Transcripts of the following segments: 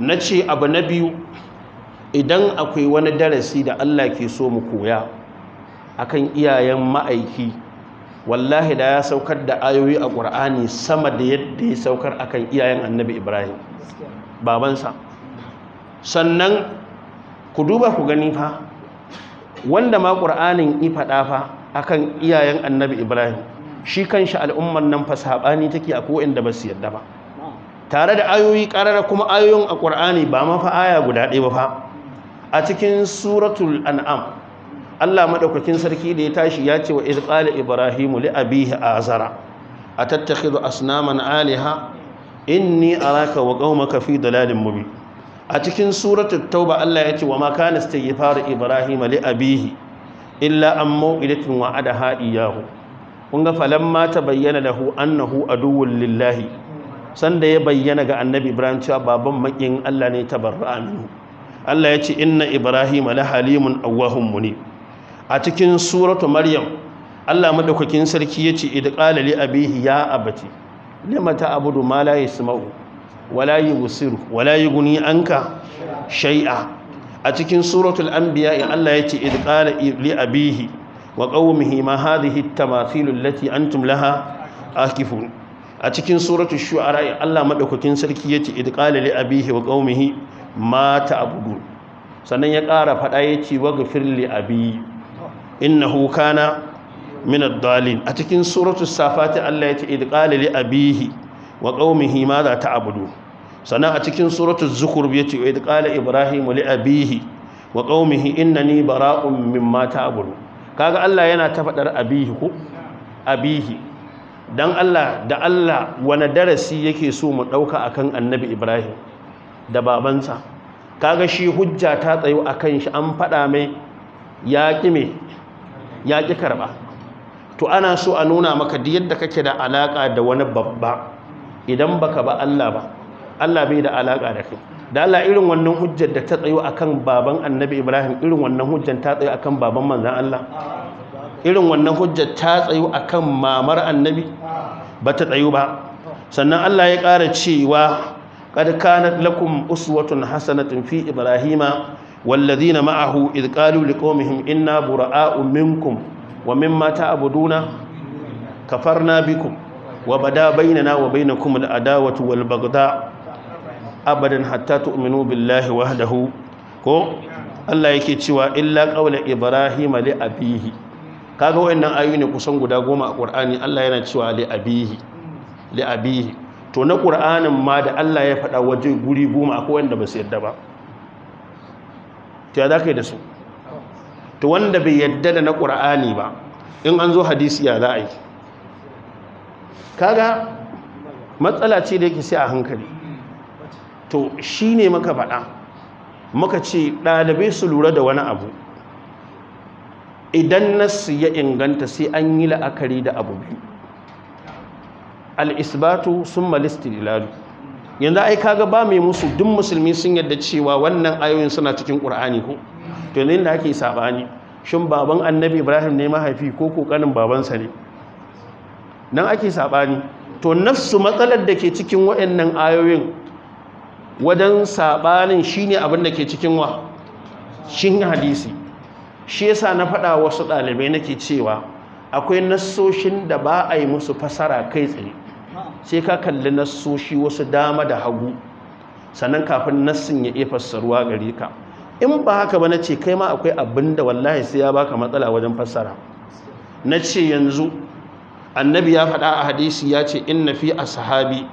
na ce abu na biyu idan akwai wani darasi da Allah ke so mu koya akan iyayen ma'aiki wallahi da ya saukar da ayoyi a ƙur'ani sama da yadda ya saukar akan iyayen annabi ibrahim babansa sannan ku duba ku gani fa wanda ma ƙur'anin i faɗa fa akan iyayen annabi ibrahim shi kan kanshi al'ummar nan fa take a ko'in da ba su yadda ba tare da ayoyi karara kuma ayoyin a ƙur'ani ba mafa aya guda ɗaya ba fa a cikin suratul an'am Allah maɗaukakin sarki da ya tashi ya ce wa iz qala ibrahimu tattaki abihi azara Aliha. In ni a raka wa kafi da dalalin mubi. a cikin suratul tauba Allah ya ce wa ma kana fara ibrahima li abihi illa an maw'idatin wa'adaha yahu. kun ga bayyana tabayyana lahu annahu aduwwun lillahi sanda ya bayyana ga annabi ibrahim cewa baban makin allah ne tabarra'a minhu allah ya ce inna ibrahim la halimun awahun muni a cikin suratu maryam allah madaukakin sarki ya ce id qala li abihi ya abati limata abudu ma la yasma'u wala yubsiru wala yughni anka shay'a a cikin suratul anbiya allah ya ce id qala li abihi wa qaumihi ma hadhihi tamathilu tamathil allati antum laha akifun a cikin suratul shu'ara Allah madaukakin sarki yace id qala li abihi wa qaumihi ma ta'budun sannan ya ƙara fada yace waghfir li abi innahu kana min ad-dalin a cikin suratul safati Allah yace id qala li abihi wa qaumihi ma za ta'budun sannan a cikin suratul zukhruf yace id qala ibrahim li abihi wa qaumihi innani bara'un mimma ta'budun kaga Allah yana ta faɗar abihi ku? abihi Don Allah da Allah wani darasi yake so mu a akan annabi Ibrahim da babansa kaga shi hujja ta tsayo akan shi an faɗa mai yaƙi ya ƙi karɓa to ana so a nuna maka da yadda kake da alaƙa da wani babba idan baka ba Allah ba Allah bai da alaƙa da kai da Allah irin wannan hujjar da ta tsayo akan baban annabi Ibrahim irin wannan hujjar ta tsayo akan baban Manzan Allah irin wannan hujjar ta tsayu akan mamar annabi ba ta tsayu ba sannan Allah ya ƙara cewa qad lakum uswatun hasanatun fi ibrahima walladhina ma'ahu id qalu liqawmihim inna bura'a'u minkum wa mimma ta'buduna kafarna bikum bainana wa bainakum al'adawatu wal baghda abadan hatta tu'minu billahi wahdahu ko Allah yake cewa illa qawla ibrahima li abihi kaga wayannan ayoyi ne kusan guda goma a Qur'ani Allah yana cewa li abihi li abihi to na Qur'anin ma da Allah ya faɗa waje guri goma akwai wanda ba su yarda ba to ya zakai da su to wanda bai yarda da na Qur'ani ba in an zo hadisi ya za a yi kaga matsala ce da yake sai a hankali to shine maka faɗa muka ce ɗalibai su lura da wani abu idan nassi ya inganta sai an yi la'akari da abu biyu alisbatu sun malisti yanzu ai kaga ba mai musu duk musulmi sun yadda cewa wannan ayoyin suna cikin ƙur'ani ko to ne da ake sabani shin baban annabi ibrahim ne mahaifi ko kokarin babansa ne nan ake sabani to nafsu matsalar da ke cikin waɗannan ayoyin wajen sabanin shine abin da ke cikin wa shin hadisi shi yasa na faɗa wasu ɗalibai nake cewa akwai nassoshin da ba a yi musu fasara kai tsaye sai ka kalli nassoshi wasu dama da hagu sannan kafin nassin ya iya fassaruwa gari ka in ba haka ba na ce kai ma akwai abin da wallahi sai ya baka matsala wajen fassara na ce yanzu annabi ya faɗa a hadisi ya ce inna fi a sahabi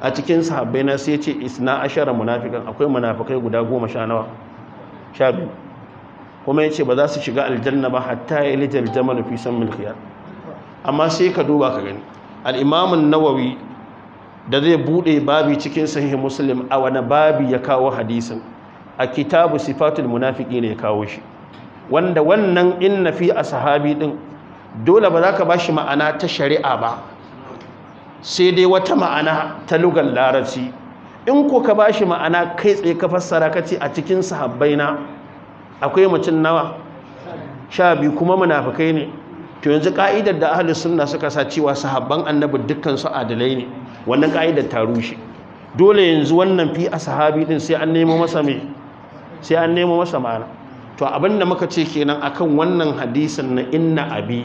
a cikin sahabbai na sai ce isna ashara munafikan akwai munafikai guda goma sha nawa sha biyu kuma yace ba za su shiga aljanna ba hatta yalijal jamal fi sammil khiyar amma sai ka duba ka gani al-imam nawawi da zai bude babi cikin sahih muslim a wani babi ya kawo hadisin a kitabu sifatul munafiki ne ya kawo shi wanda wannan inna fi sahabi din dole ba za ka bashi ma'ana ta shari'a ba sai dai wata ma'ana ta lugan larabci in ko ka bashi ma'ana kai tsaye ka fassara ka a cikin sahabbaina akwai mutum nawa sha biyu kuma munafukai ne to yanzu ka'idar da ahli sunna suka sa cewa sahabban annabi dukkan su adalai ne wannan ka'idar ta rushe dole yanzu wannan fi a sahabi din sai an nemo masa me sai an nemo masa mana. to abinda muka ce kenan akan wannan hadisin na inna abi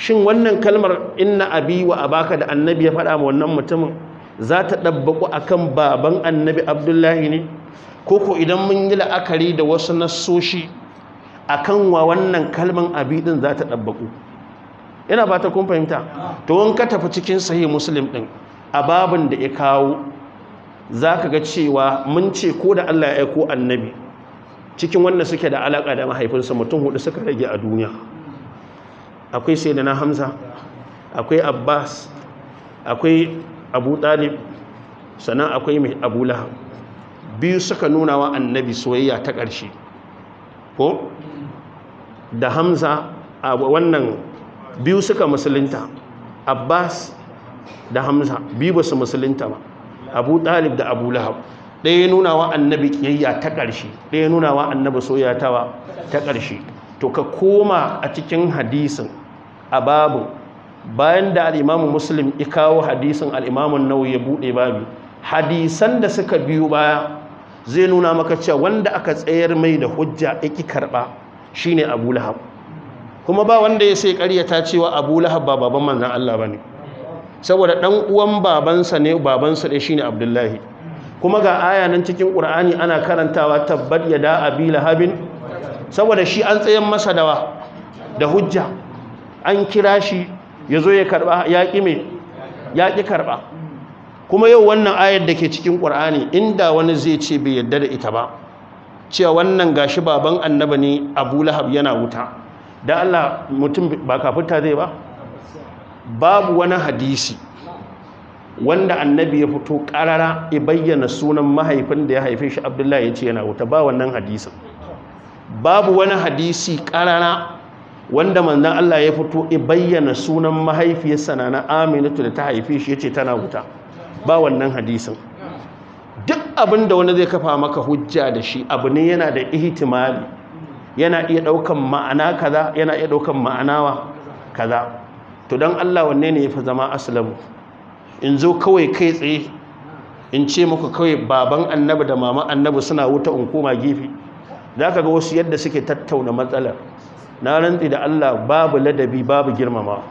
shin wannan kalmar inna abi wa abaka da annabi ya faɗa ma wannan mutumin za ta ɗabbaƙu akan baban annabi abdullahi ne koko idan mun yi la'akari da wasu nasoshi, a kan wa wannan kalman abi ɗin za ta ɗabbaku yana ba ta kun fahimta to wani ka tafi cikin sahi muslim ɗin, a babin da ya kawo za ka ga cewa mun ce ko da Allah ya aiko annabi cikin wanda suke da alaƙa da mahaifinsa mutum hudu suka rage a duniya akwai sai na hamza akwai abbas akwai abu ɗalib sannan akwai mai abu biyu suka nuna wa annabi soyayya ta ƙarshe ko da hamza a wannan biyu suka musulunta abbas da hamza biyu ba su musulunta ba abu ɗalib da abu lahab ɗaya nuna wa annabi ƙiyayya ta ƙarshe ɗaya nuna wa annabi soyayya ta ƙarshe to ka koma a cikin hadisin a babu bayan da al'imamu muslim ya kawo hadisin al'imamun nau ya buɗe babu hadisan da suka biyu baya zai nuna maka cewa wanda aka tsayar mai da hujja yake karba shine Abu Lahab kuma ba wanda ya sai ƙaryata cewa Abu Lahab ba baban manzon Allah bane saboda dan uwan babansa ne babansa dai shine Abdullahi kuma ga aya nan cikin Qur'ani ana karantawa tabbat yada abi lahabin saboda shi an tsayar masa dawa da hujja an kira shi yazo ya karba ya ƙi ya ƙi karba kuma yau wannan ayar da ke cikin ƙur'ani inda wani zai ce bai yadda da ita ba cewa wannan gashi baban annaba ne abu lahab yana wuta da allah mutum ba kafuta zai ba babu wani hadisi wanda annabi ya fito ƙarara ya bayyana sunan mahaifin da ya haife shi abdullahi ya ce yana wuta ba wannan hadisin babu wani hadisi ƙarara wanda manzan allah ya fito ya bayyana sunan mahaifiyarsa na aminatu da ta haife shi ya ce tana wuta ba wannan hadisin duk abin da wani zai kafa maka hujja da shi abu ne yana da ihtimali yana iya daukan ma'ana kaza yana iya daukan ma'anawa kaza to dan Allah wanne ne yafi zama aslamu in zo kawai kai tsaye in ce muku kawai baban annabi da mama annabi suna wuta in koma gefe za ka ga wasu yadda suke tattauna matsalar na rantsi da Allah babu ladabi babu girmama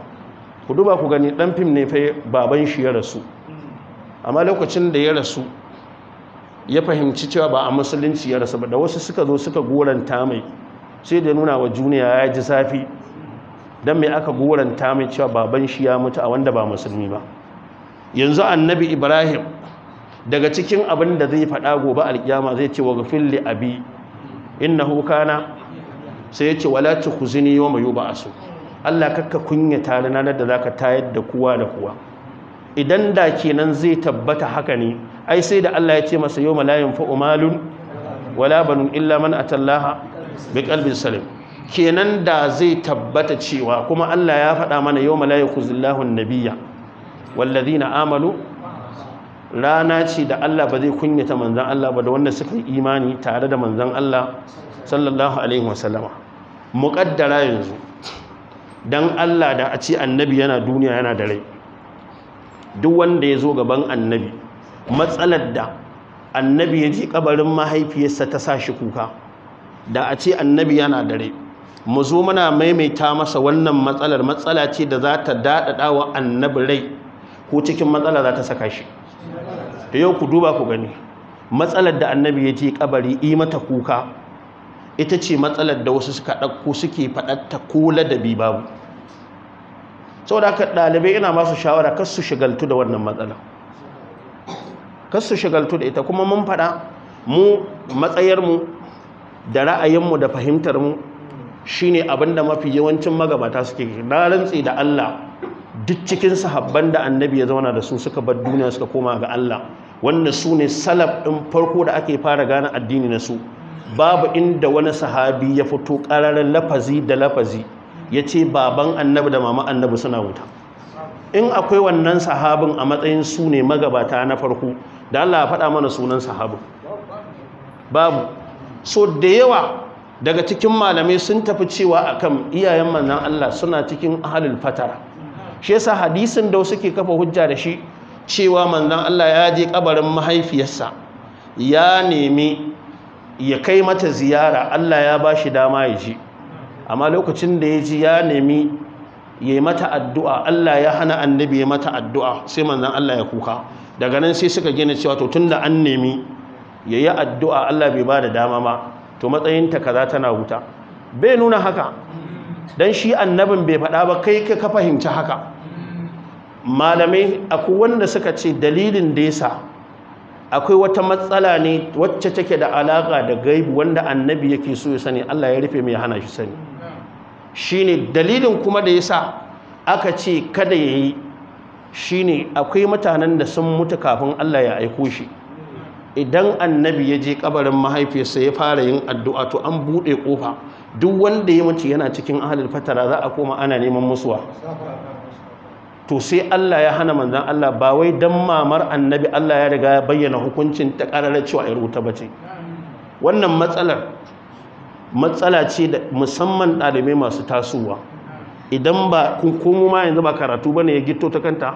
ku duba ku gani ɗan fim ne fa baban shi ya rasu amma lokacin da ya rasu ya fahimci cewa ba a musulunci ya rasu ba da wasu suka zo suka goranta mai sai da nuna wa juniya ya ji zafi don mai aka goranta mai cewa baban shi ya mutu a wanda ba musulmi ba yanzu annabi ibrahim daga cikin abin da zai faɗa gobe alƙiyama zai ce wa gafin li abi innahu hukana? sai ya ce wala ba a so Allah kakka kunya tare na da za ka tayar da kowa da kuwa. idan da kenan zai tabbata haka ne ai sai da Allah ya ce masa yau malayin fa'umalun wala banun illa man atallaha bi qalbin salim kenan da zai tabbata cewa kuma Allah ya faɗa mana yau malayin khuzillahu nabiyya na amalu rana ce da Allah ba zai kunyata manzon Allah ba da wanda suka yi imani tare da manzon Allah sallallahu alaihi wasallama muqaddara yanzu dan Allah da a ce annabi yana duniya yana da rai duk wanda ya zo gaban annabi matsalar da annabi ya ji kabarin mahaifiyarsa ta sa shi kuka da a ce annabi yana dare mu zo muna maimaita masa wannan matsalar matsala ce da za ta daɗaɗa wa annabi rai ko cikin matsala za ta saka shi da yau ku duba ku gani matsalar da annabi ya ji kabari yi mata kuka ita ce matsalar da wasu suka ɗauko suke faɗatta ko ladabi babu saboda haka ɗalibai ina masu shawara kasu su shigaltu da wannan matsala Kasu su shigaltu da ita kuma mun faɗa mu matsayarmu da ra'ayinmu da fahimtar fahimtarmu shine abinda mafi yawancin magabata suke na rantsi da Allah duk cikin sahabban da annabi ya zauna da su suka bar duniya suka koma ga Allah wanda su ne salaf ɗin farko da ake fara gane addini na su babu inda wani sahabi ya fito ƙararren lafazi da lafazi ya ce baban annabi da mama annabi suna wuta in akwai wannan sahabin a matsayin su ne magabata na farko da Allah ya faɗa mana sunan sahabin babu so da yawa daga cikin malamai sun tafi cewa akan iyayen manzon Allah suna cikin ahlul fatara shi yasa hadisin da suke kafa hujja da shi cewa manzon Allah ya je kabarin mahaifiyarsa ya nemi ya kai mata ziyara Allah ya bashi dama ya ji amma lokacin da ya ji ya nemi ya yi mata addu'a Allah ya hana annabi ya mata addu'a sai manzan Allah ya kuka daga nan sai suka gina cewa to da an nemi ya yi addu'a Allah bai ba da dama ma to matsayinta kaza tana wuta bai nuna haka don shi annabin bai faɗa ba kai ka fahimci haka malamai akwai wanda suka ce dalilin da yasa akwai wata matsala ne wacce take da alaƙa da gaibu wanda annabi yake so ya sani Allah ya rufe mai hana shi sani shine dalilin kuma da yasa aka ce kada ya yayi shine akwai mutanen da sun mutu kafin Allah ya aiko shi idan annabi ya je kabarin mahaifiyarsa ya fara yin addu'a to an buɗe ƙofa duk wanda ya mace yana cikin ahalil fatara za a koma ana neman musuwa to sai Allah ya hana manzan Allah ba wai dan mamar annabi Allah ya riga ya bayyana hukuncin ta ƙararra cewa ya rubuta bace wannan matsalar matsala ce da musamman ɗalibai masu tasowa idan ba kunkumu ma yanzu ba karatu ba ne ya gito ta kanta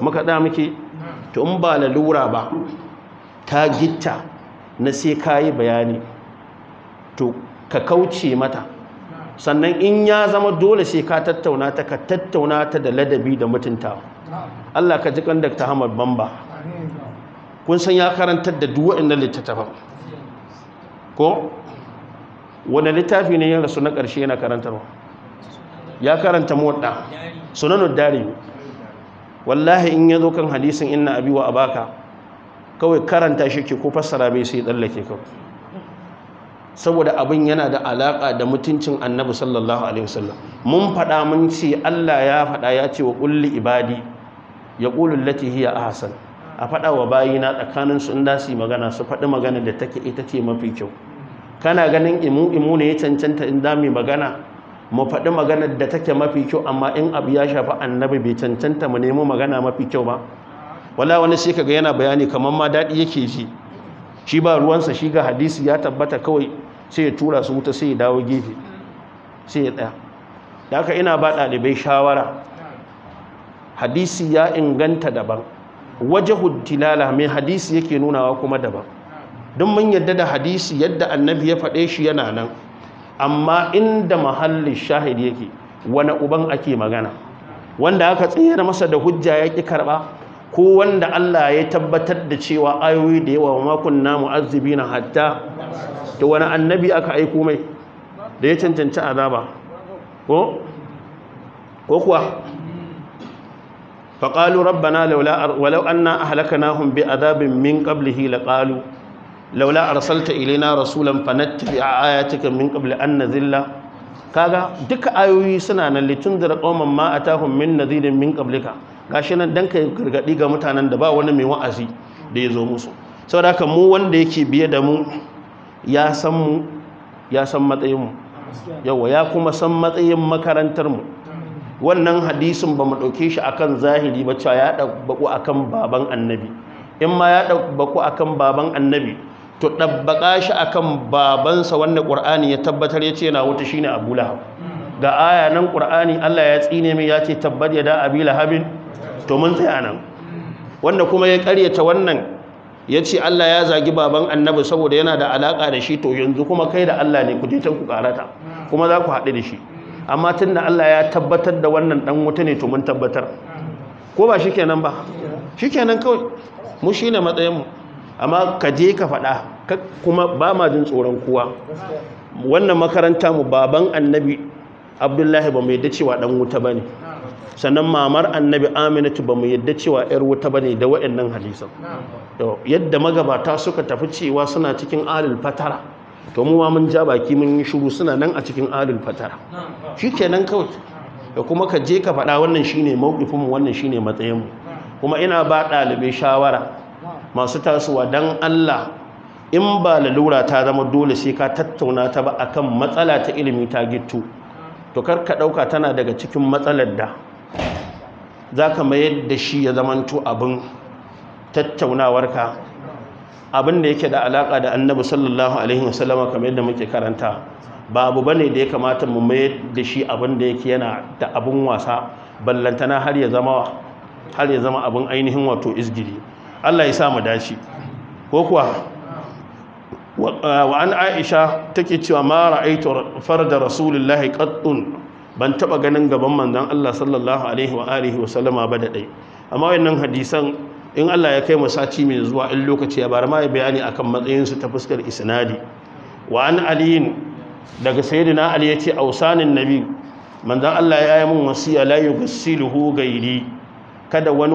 makaɗa muke to in ba lalura ba ta gita na sai ka yi bayani to ka kauce mata sannan in ya zama dole sai ka tattauna ta ka tattauna ta da ladabi da mutunta Allah ka ji kan Dr. Ahmad Bamba kun san ya karantar da duk inda littattafa ko Wani littafi ne ya rasu na ƙarshe yana karantarwa ya karanta moɗa sunanu darimi wallahi in ya zo kan hadisin inna abi a abaka kawai karanta shi ke ko fassara bai sai tsallake kawai saboda abin yana da alaƙa da mutuncin annabi sallallahu alaihi wasallam mun faɗa mun ce Allah ya faɗa ya ce wa ƙulli ibadi ya qulul lati hiya ahsan a faɗa wa bayina tsakaninsu in da su magana su faɗi magana da take ita ce mafi kyau kana ganin imu imu ne ya cancanta in za magana mu faɗi maganar da take mafi kyau amma in abu ya shafi annabi bai cancanta mu nemi magana mafi kyau ba wala wani sai kaga yana bayani kamar ma daɗi yake shi shi ba ruwansa shi ga hadisi ya tabbata kawai sai ya tura su wuta sai ya dawo gefe sai ya tsaya da haka ina ba ɗalibai shawara hadisi ya inganta daban waje tilala mai hadisi yake nunawa kuma daban don mun yadda da hadisi yadda annabi ya faɗe shi yana nan amma inda mahallin shahid yake wani uban ake magana wanda aka tsere masa da hujja ya ƙi karɓa ko wanda Allah ya tabbatar da cewa ayoyi da yawa makon namu arzibi na hatta da wani annabi aka aiko mai da ya cancanci azaba ko ko kuwa faƙalu rabbana laula walau anna ahlakanahum bi azabin min qablihi laqalu laula arsalta ilaina rasulan fanattabi ayatika min qabli an nadhilla kaga duka ayoyi suna nan da qauman ma atahum min nadhirin min qablika gashi nan dan kai gargadi ga mutanen da ba wani mai wa'azi da ya zo musu saboda haka mu wanda yake biye da mu ya san mu ya san matsayin mu yawa ya kuma san matsayin makarantar mu wannan hadisin ba mu dauke shi akan zahiri ba cewa ya dabbaku akan baban annabi in ma ya dabbaku akan baban annabi to ɗabbaƙa shi a kan babansa wanda ƙur'ani ya tabbatar ya ce na wuta shine abu lahab ga aya nan ƙur'ani Allah ya tsine mai ya ce tabbat ya da abi lahabin to mun tsaya nan wanda kuma ya ƙaryata wannan ya ce Allah ya zagi baban annabi saboda yana da alaƙa da shi to yanzu kuma kai da Allah ne ku je ku karata kuma za ku haɗu da shi amma tun da Allah ya tabbatar da wannan ɗan wuta ne to mun tabbatar ko ba shi kenan ba shi kenan kawai mu shi ne matsayinmu amma ka je ka faɗa kuma ba ma jin tsoron kowa wannan makaranta mu baban annabi abdullahi ba mu yadda cewa dan wuta ba ne sannan mamar annabi aminatu ba mu yadda cewa yar wuta ba ne da waɗannan hadisan yadda magabata suka tafi cewa suna cikin alil fatara to mu ma mun ja baki mun yi shuru suna nan a cikin alil fatara shikenan kawai da kuma ka je ka faɗa wannan shine ne wannan shine matsayin mu kuma ina ba ɗalibai shawara masu tasowa don Allah in ba lalura ta zama dole sai ka tattauna ta ba akan matsala ta ilimi ta gittu to kar ka dauka tana daga cikin matsalar da zaka mayar da shi ya zamanto abin tattaunawarka abin da yake da alaka da Annabi sallallahu alaihi wasallama kamar yadda muke karanta babu bane da ya kamata mu mayar da shi abin da yake yana da abin wasa ballantana har ya zama har ya zama abin ainihin wato izgiri Allah ya sa mu dace ko kuwa wa an Aisha take cewa ma ra'aytu farda rasulillahi qattun ban taba ganin gaban manzon Allah sallallahu alaihi wa alihi wa sallama ba da dai amma wannan hadisan in Allah ya kai mu sati mai zuwa in lokaci ya bara ma ya bayani akan matsayin su ta fuskar isnadi wa an daga sayyidina ali yace ausanin nabi manzon Allah ya yi min wasiya la yughsiluhu gairi kada wani